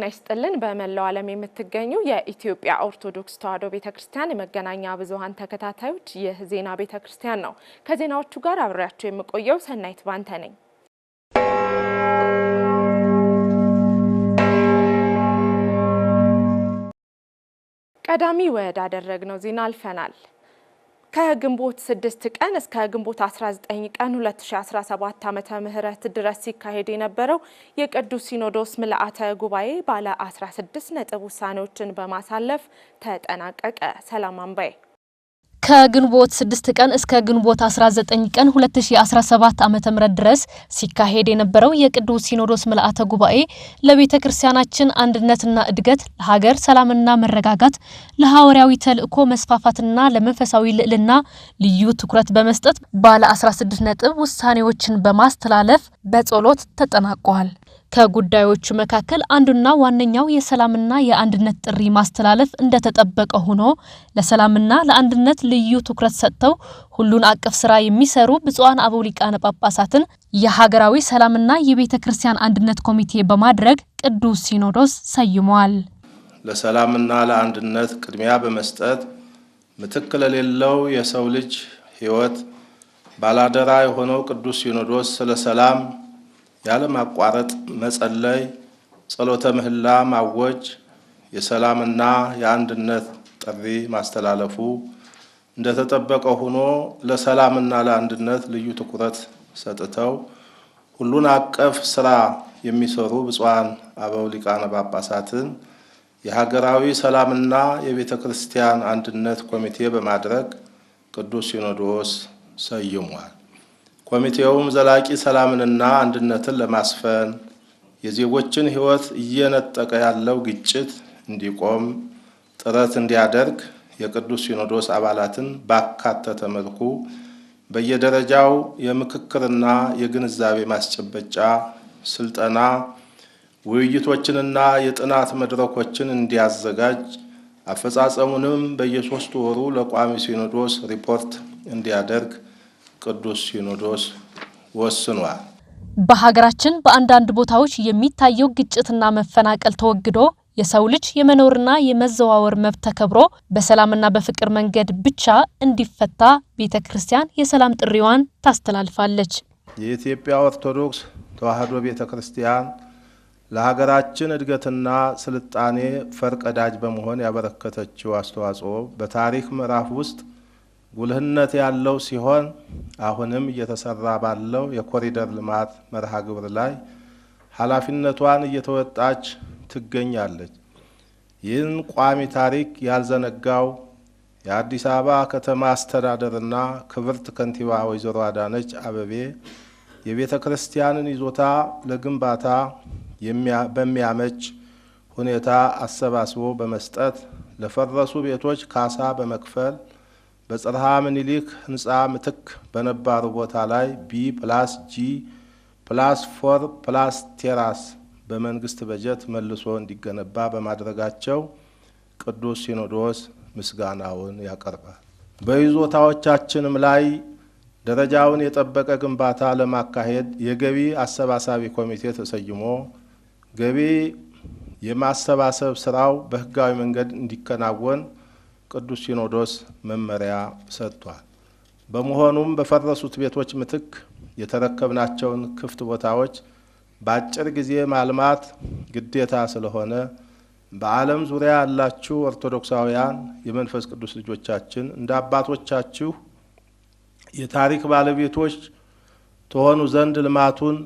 ጤና ይስጥልን። በመላው ዓለም የምትገኙ የኢትዮጵያ ኦርቶዶክስ ተዋሕዶ ቤተ ክርስቲያን የመገናኛ ብዙኃን ተከታታዮች ይህ ዜና ቤተ ክርስቲያን ነው። ከዜናዎቹ ጋር አብሬያቸው የምቆየው ሰናይት ባንተ ነኝ። ቀዳሚ ወዳደረግነው ዜና አልፈናል። ከግንቦት 6 ቀን እስከ ግንቦት 19 ቀን 2017 ዓመተ ምህረት ድረስ ሲካሄድ የነበረው የቅዱስ ሲኖዶስ ምልአተ ጉባኤ ባለ 16 ነጥብ ውሳኔዎችን በማሳለፍ ተጠናቀቀ። ሰላም አንባዬ ከግንቦት 6 ቀን እስከ ግንቦት 19 ቀን 2017 ዓ.ም ድረስ ሲካሄድ የነበረው የቅዱስ ሲኖዶስ ምልአተ ጉባኤ ለቤተ ክርስቲያናችን አንድነትና እድገት፣ ለሀገር ሰላምና መረጋጋት፣ ለሐዋርያዊ ተልእኮ መስፋፋትና ለመንፈሳዊ ልዕልና ልዩ ትኩረት በመስጠት ባለ 16 ነጥብ ውሳኔዎችን በማስተላለፍ በጸሎት ተጠናቋል። ከጉዳዮቹ መካከል አንዱና ዋነኛው የሰላምና የአንድነት ጥሪ ማስተላለፍ እንደተጠበቀ ሆኖ ለሰላምና ለአንድነት ልዩ ትኩረት ሰጥተው ሁሉን አቀፍ ስራ የሚሰሩ ብፁዓን አበው ሊቃነ ጳጳሳትን የሀገራዊ ሰላምና የቤተ ክርስቲያን አንድነት ኮሚቴ በማድረግ ቅዱስ ሲኖዶስ ሰይሟል። ለሰላምና ለአንድነት ቅድሚያ በመስጠት ምትክ ለሌለው የሰው ልጅ ሕይወት ባላደራ የሆነው ቅዱስ ሲኖዶስ ስለ ሰላም ያለማቋረጥ መጸለይ፣ ጸሎተ ምህላ ማወጅ፣ የሰላምና የአንድነት ጥሪ ማስተላለፉ እንደተጠበቀ ሆኖ ለሰላምና ለአንድነት ልዩ ትኩረት ሰጥተው ሁሉን አቀፍ ስራ የሚሰሩ ብፁዓን አበው ሊቃነ ጳጳሳትን የሀገራዊ ሰላምና የቤተ ክርስቲያን አንድነት ኮሚቴ በማድረግ ቅዱስ ሲኖዶስ ሰይሟል። ኮሚቴውም ዘላቂ ሰላምንና አንድነትን ለማስፈን የዜጎችን ሕይወት እየነጠቀ ያለው ግጭት እንዲቆም ጥረት እንዲያደርግ የቅዱስ ሲኖዶስ አባላትን ባካተተ መልኩ በየደረጃው የምክክርና የግንዛቤ ማስጨበጫ ስልጠና ውይይቶችንና የጥናት መድረኮችን እንዲያዘጋጅ አፈጻጸሙንም በየሶስት ወሩ ለቋሚ ሲኖዶስ ሪፖርት እንዲያደርግ ቅዱስ ሲኖዶስ ወስኗል። በሀገራችን በአንዳንድ ቦታዎች የሚታየው ግጭትና መፈናቀል ተወግዶ የሰው ልጅ የመኖርና የመዘዋወር መብት ተከብሮ በሰላምና በፍቅር መንገድ ብቻ እንዲፈታ ቤተ ክርስቲያን የሰላም ጥሪዋን ታስተላልፋለች። የኢትዮጵያ ኦርቶዶክስ ተዋሕዶ ቤተ ክርስቲያን ለሀገራችን እድገትና ስልጣኔ ፈርቀዳጅ በመሆን ያበረከተችው አስተዋጽኦ በታሪክ ምዕራፍ ውስጥ ጉልህነት ያለው ሲሆን አሁንም እየተሰራ ባለው የኮሪደር ልማት መርሃ ግብር ላይ ኃላፊነቷን እየተወጣች ትገኛለች። ይህን ቋሚ ታሪክ ያልዘነጋው የአዲስ አበባ ከተማ አስተዳደርና ክብርት ከንቲባ ወይዘሮ አዳነች አበቤ የቤተ ክርስቲያንን ይዞታ ለግንባታ በሚያመች ሁኔታ አሰባስቦ በመስጠት ለፈረሱ ቤቶች ካሳ በመክፈል በጽርሃ ምኒልክ ህንፃ ምትክ በነባሩ ቦታ ላይ ቢ ፕላስ ጂ ፕላስ ፎር ፕላስ ቴራስ በመንግስት በጀት መልሶ እንዲገነባ በማድረጋቸው ቅዱስ ሲኖዶስ ምስጋናውን ያቀርባል። በይዞታዎቻችንም ላይ ደረጃውን የጠበቀ ግንባታ ለማካሄድ የገቢ አሰባሳቢ ኮሚቴ ተሰይሞ ገቢ የማሰባሰብ ስራው በህጋዊ መንገድ እንዲከናወን ቅዱስ ሲኖዶስ መመሪያ ሰጥቷል። በመሆኑም በፈረሱት ቤቶች ምትክ የተረከብናቸውን ክፍት ቦታዎች በአጭር ጊዜ ማልማት ግዴታ ስለሆነ በዓለም ዙሪያ ያላችሁ ኦርቶዶክሳውያን የመንፈስ ቅዱስ ልጆቻችን እንደ አባቶቻችሁ የታሪክ ባለቤቶች ተሆኑ ዘንድ ልማቱን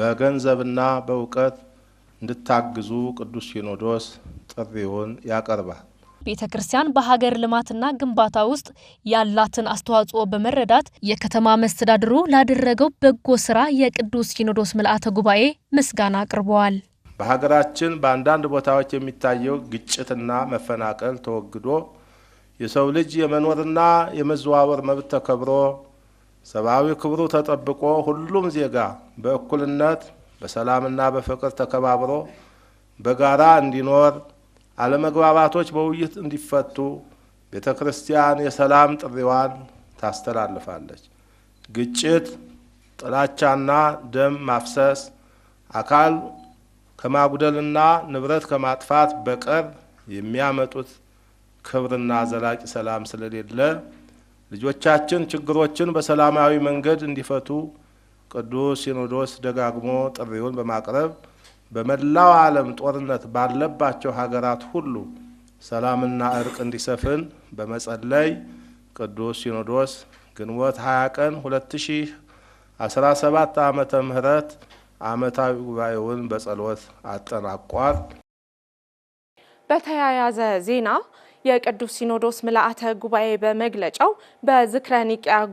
በገንዘብና በእውቀት እንድታግዙ ቅዱስ ሲኖዶስ ጥሪውን ያቀርባል። ቤተ ክርስቲያን በሀገር ልማትና ግንባታ ውስጥ ያላትን አስተዋጽኦ በመረዳት የከተማ መስተዳድሩ ላደረገው በጎ ስራ የቅዱስ ሲኖዶስ ምልአተ ጉባኤ ምስጋና አቅርበዋል። በሀገራችን በአንዳንድ ቦታዎች የሚታየው ግጭትና መፈናቀል ተወግዶ የሰው ልጅ የመኖርና የመዘዋወር መብት ተከብሮ ሰብአዊ ክብሩ ተጠብቆ ሁሉም ዜጋ በእኩልነት በሰላምና በፍቅር ተከባብሮ በጋራ እንዲኖር አለመግባባቶች በውይይት እንዲፈቱ ቤተ ክርስቲያን የሰላም ጥሪዋን ታስተላልፋለች። ግጭት፣ ጥላቻና ደም ማፍሰስ አካል ከማጉደልና ንብረት ከማጥፋት በቀር የሚያመጡት ክብርና ዘላቂ ሰላም ስለሌለ ልጆቻችን ችግሮችን በሰላማዊ መንገድ እንዲፈቱ ቅዱስ ሲኖዶስ ደጋግሞ ጥሪውን በማቅረብ በመላው ዓለም ጦርነት ባለባቸው ሀገራት ሁሉ ሰላምና እርቅ እንዲሰፍን በመጸለይ ቅዱስ ሲኖዶስ ግንቦት 20 ቀን 2017 ዓመተ ምህረት ዓመታዊ ጉባኤውን በጸሎት አጠናቋል። በተያያዘ ዜና የቅዱስ ሲኖዶስ ምልአተ ጉባኤ በመግለጫው በዝክረ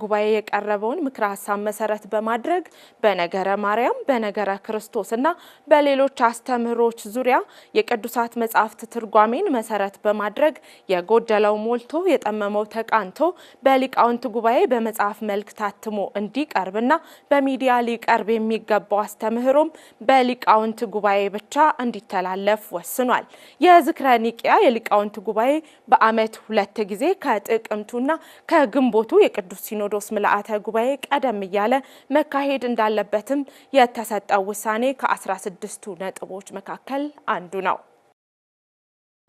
ጉባኤ የቀረበውን ምክረ ሀሳብ መሰረት በማድረግ በነገረ ማርያም፣ በነገረ ክርስቶስና በሌሎች አስተምህሮች ዙሪያ የቅዱሳት መጻሕፍት ትርጓሜን መሰረት በማድረግ የጎደለው ሞልቶ የጠመመው ተቃንቶ በሊቃውንት ጉባኤ በመጽሐፍ መልክ ታትሞ እንዲቀርብና በሚዲያ ሊቀርብ የሚገባው አስተምህሮም በሊቃውንት ጉባኤ ብቻ እንዲተላለፍ ወስኗል። የዝክረ ኒቂያ የሊቃውንት ጉባኤ በዓመት ሁለት ጊዜ ከጥቅምቱና ከግንቦቱ የቅዱስ ሲኖዶስ ምልአተ ጉባኤ ቀደም እያለ መካሄድ እንዳለበትም የተሰጠው ውሳኔ ከ16ቱ ነጥቦች መካከል አንዱ ነው።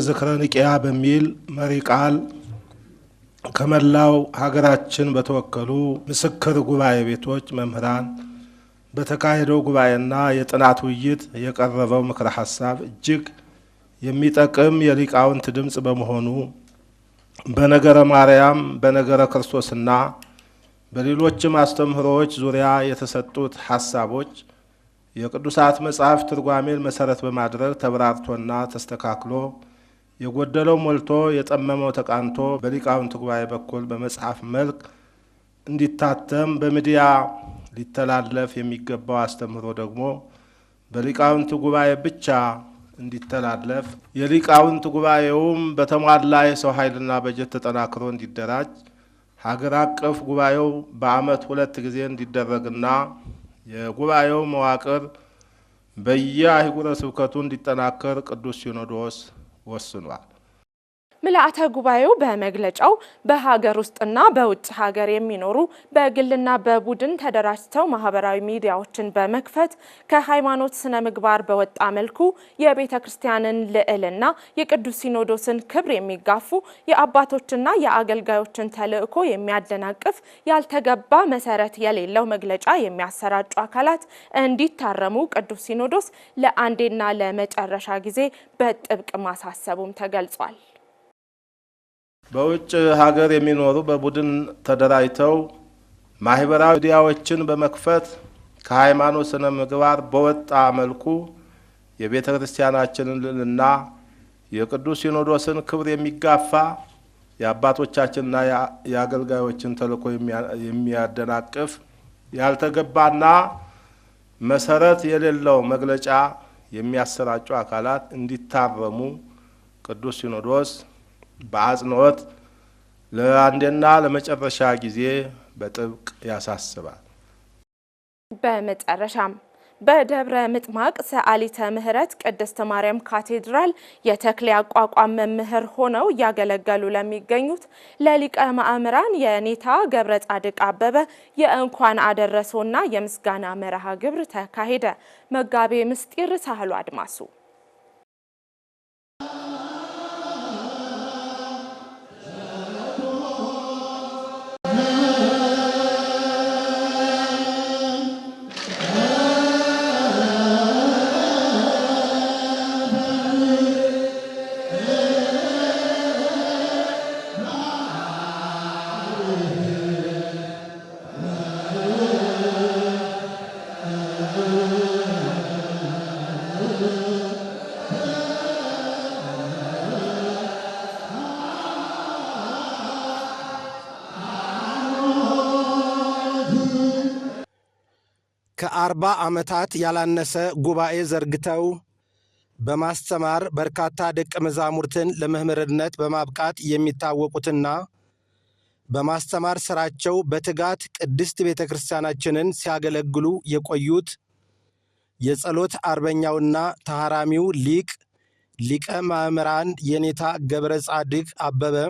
ዝክረ በሚል መሪ ቃል ከመላው ሀገራችን በተወከሉ ምስክር ጉባኤ ቤቶች መምህራን በተካሄደው ጉባኤና የጥናት ውይይት የቀረበው ምክረ ሀሳብ እጅግ የሚጠቅም የሊቃውንት ድምፅ በመሆኑ በነገረ ማርያም በነገረ ክርስቶስና በሌሎችም አስተምህሮዎች ዙሪያ የተሰጡት ሀሳቦች የቅዱሳት መጽሐፍ ትርጓሜን መሰረት በማድረግ ተብራርቶና ተስተካክሎ የጎደለው ሞልቶ የጠመመው ተቃንቶ በሊቃውንት ጉባኤ በኩል በመጽሐፍ መልክ እንዲታተም በሚዲያ ሊተላለፍ የሚገባው አስተምህሮ ደግሞ በሊቃውንት ጉባኤ ብቻ እንዲተላለፍ የሊቃውንት ጉባኤውም በተሟላ የሰው ኃይልና በጀት ተጠናክሮ እንዲደራጅ ሀገር አቀፍ ጉባኤው በዓመት ሁለት ጊዜ እንዲደረግና የጉባኤው መዋቅር በየአህጉረ ስብከቱ እንዲጠናከር ቅዱስ ሲኖዶስ ወስኗል። ምልአተ ጉባኤው በመግለጫው በሀገር ውስጥና በውጭ ሀገር የሚኖሩ በግልና በቡድን ተደራጅተው ማህበራዊ ሚዲያዎችን በመክፈት ከሃይማኖት ስነ ምግባር በወጣ መልኩ የቤተ ክርስቲያንን ልዕልና የቅዱስ ሲኖዶስን ክብር የሚጋፉ የአባቶችና የአገልጋዮችን ተልዕኮ የሚያደናቅፍ ያልተገባ መሰረት የሌለው መግለጫ የሚያሰራጩ አካላት እንዲታረሙ ቅዱስ ሲኖዶስ ለአንዴና ለመጨረሻ ጊዜ በጥብቅ ማሳሰቡም ተገልጿል። በውጭ ሀገር የሚኖሩ በቡድን ተደራጅተው ማህበራዊ ሚዲያዎችን በመክፈት ከሃይማኖት ስነ ምግባር በወጣ መልኩ የቤተ ክርስቲያናችንን ልዕልና የቅዱስ ሲኖዶስን ክብር የሚጋፋ የአባቶቻችንና የአገልጋዮችን ተልእኮ የሚያደናቅፍ ያልተገባና መሰረት የሌለው መግለጫ የሚያሰራጩ አካላት እንዲታረሙ ቅዱስ ሲኖዶስ በአጽንኦት ለአንዴና ለመጨረሻ ጊዜ በጥብቅ ያሳስባል። በመጨረሻም በደብረ ምጥማቅ ሰዓሊተ ምሕረት ቅድስት ማርያም ካቴድራል የተክሌ አቋቋም መምህር ሆነው እያገለገሉ ለሚገኙት ለሊቀ ማእምራን የኔታ ገብረ ጻድቅ አበበ የእንኳን አደረሰውና የምስጋና መርሃ ግብር ተካሄደ። መጋቤ ምስጢር ሳህሉ አድማሱ ከአርባ ዓመታት ያላነሰ ጉባኤ ዘርግተው በማስተማር በርካታ ደቀ መዛሙርትን ለመምህርነት በማብቃት የሚታወቁትና በማስተማር ስራቸው በትጋት ቅድስት ቤተ ክርስቲያናችንን ሲያገለግሉ የቆዩት የጸሎት አርበኛውና ተሐራሚው ሊቅ ሊቀ ማእምራን የኔታ ገብረ ጻድቅ አበበ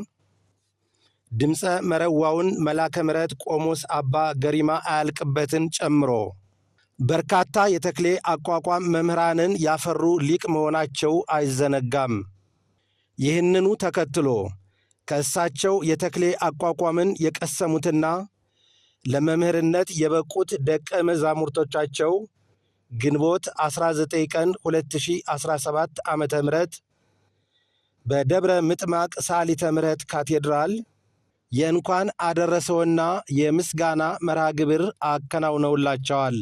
ድምፀ መረዋውን መላከ ምረት ቆሞስ አባ ገሪማ አያልቅበትን ጨምሮ በርካታ የተክሌ አቋቋም መምህራንን ያፈሩ ሊቅ መሆናቸው አይዘነጋም። ይህንኑ ተከትሎ ከእሳቸው የተክሌ አቋቋምን የቀሰሙትና ለመምህርነት የበቁት ደቀ መዛሙርቶቻቸው ግንቦት 19 ቀን 2017 ዓ ም በደብረ ምጥማቅ ሳሊተ ምሕረት ካቴድራል የእንኳን አደረሰውና የምስጋና መርሃ ግብር አከናውነውላቸዋል።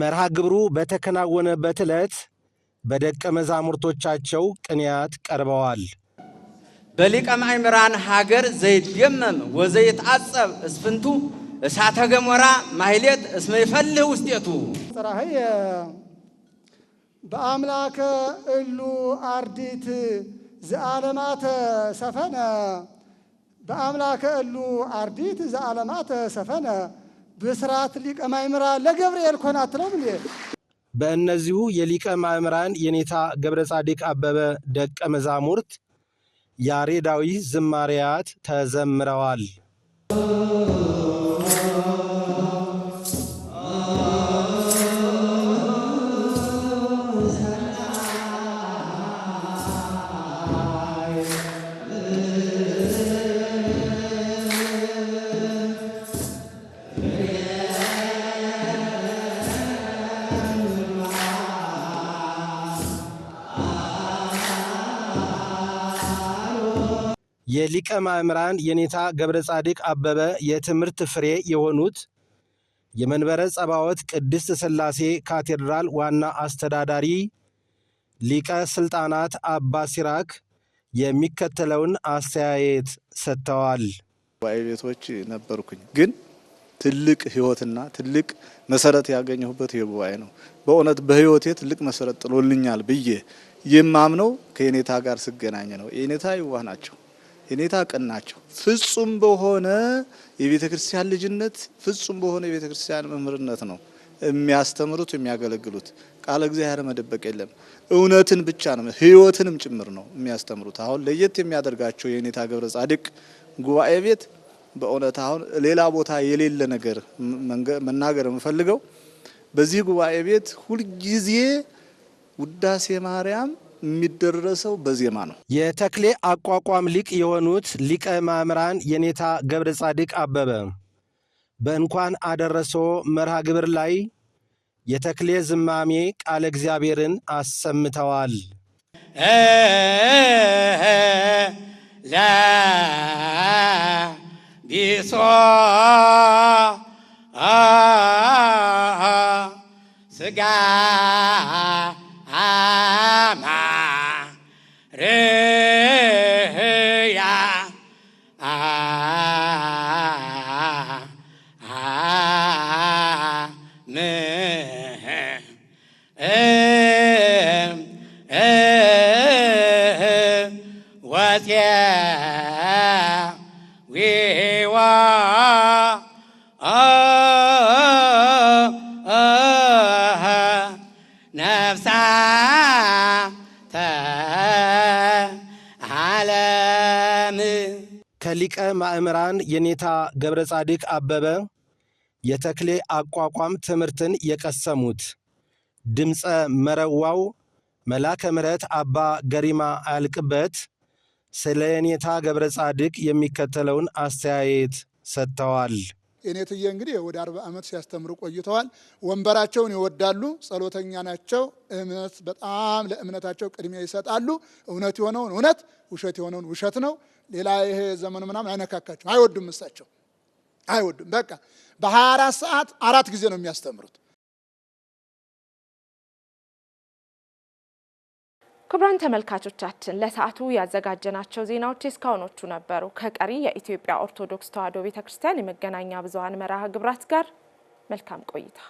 መርሃ ግብሩ በተከናወነበት ዕለት በደቀ መዛሙርቶቻቸው ቅንያት ቀርበዋል። በሊቀ ማእምራን ሀገር ወዘይት አጸብ እስፍንቱ እሳተ ገሞራ ማህሌት እስመ ይፈልህ ውስጤቱ ጽራህየ በአምላከ እሉ አርዲት ዘአለማተ ሰፈነ በአምላከ እሉ አርዲት ዘአለማተ ሰፈነ በስርዓት ሊቀ ማእምራን ለገብርኤል ኮን አትለው እንዴ? በእነዚሁ የሊቀ ማእምራን የኔታ ገብረ ጻዲቅ አበበ ደቀ መዛሙርት ያሬዳዊ ዝማሪያት ተዘምረዋል። የሊቀ ማእምራን የኔታ ገብረ ጻድቅ አበበ የትምህርት ፍሬ የሆኑት የመንበረ ጸባዖት ቅድስት ሥላሴ ካቴድራል ዋና አስተዳዳሪ ሊቀ ሥልጣናት አባ ሲራክ የሚከተለውን አስተያየት ሰጥተዋል። ጉባኤ ቤቶች ነበርኩኝ፣ ግን ትልቅ ህይወትና ትልቅ መሰረት ያገኘሁበት ይህ ነው። በእውነት በህይወቴ ትልቅ መሰረት ጥሎልኛል ብዬ የማምነው ከየኔታ ጋር ስገናኝ ነው። የኔታ ይዋህ ናቸው። የኔታ ቅን ናቸው። ፍጹም በሆነ የቤተ ክርስቲያን ልጅነት፣ ፍጹም በሆነ የቤተ ክርስቲያን መምህርነት ነው የሚያስተምሩት የሚያገለግሉት። ቃለ እግዚአብሔር መደበቅ የለም እውነትን ብቻ ነው ህይወትንም ጭምር ነው የሚያስተምሩት። አሁን ለየት የሚያደርጋቸው የኔታ ገብረ ጻድቅ ጉባኤ ቤት በእውነት አሁን ሌላ ቦታ የሌለ ነገር መናገር የምፈልገው በዚህ ጉባኤ ቤት ሁልጊዜ ውዳሴ ማርያም የሚደረሰው በዜማ ነው። የተክሌ አቋቋም ሊቅ የሆኑት ሊቀ ማምራን የኔታ ገብረ ጻድቅ አበበ በእንኳን አደረሶ መርሃ ግብር ላይ የተክሌ ዝማሜ ቃለ እግዚአብሔርን አሰምተዋል። ቢሶ ስጋ ዌዋ ነፍሳ ዓለም ከሊቀ ማእምራን የኔታ ገብረ ጻድቅ አበበ የተክሌ አቋቋም ትምህርትን የቀሰሙት ድምፀ መረዋው መላከ ምረት አባ ገሪማ አያልቅበት ስለ የኔታ ገብረ ጻድቅ የሚከተለውን አስተያየት ሰጥተዋል። የኔትዬ እንግዲህ ወደ አርባ ዓመት ሲያስተምሩ ቆይተዋል። ወንበራቸውን ይወዳሉ፣ ጸሎተኛ ናቸው። እምነት በጣም ለእምነታቸው ቅድሚያ ይሰጣሉ። እውነት የሆነውን እውነት፣ ውሸት የሆነውን ውሸት ነው። ሌላ ይሄ ዘመኑ ምናምን አይነካካቸው፣ አይወዱም። እሳቸው አይወዱም። በቃ በ24 ሰዓት አራት ጊዜ ነው የሚያስተምሩት። ክቡራን ተመልካቾቻችን ለሰዓቱ ያዘጋጀናቸው ዜናዎች እስካሁኖቹ ነበሩ። ከቀሪ የኢትዮጵያ ኦርቶዶክስ ተዋሕዶ ቤተ ክርስቲያን የመገናኛ ብዙኃን መርሃ ግብራት ጋር መልካም ቆይታ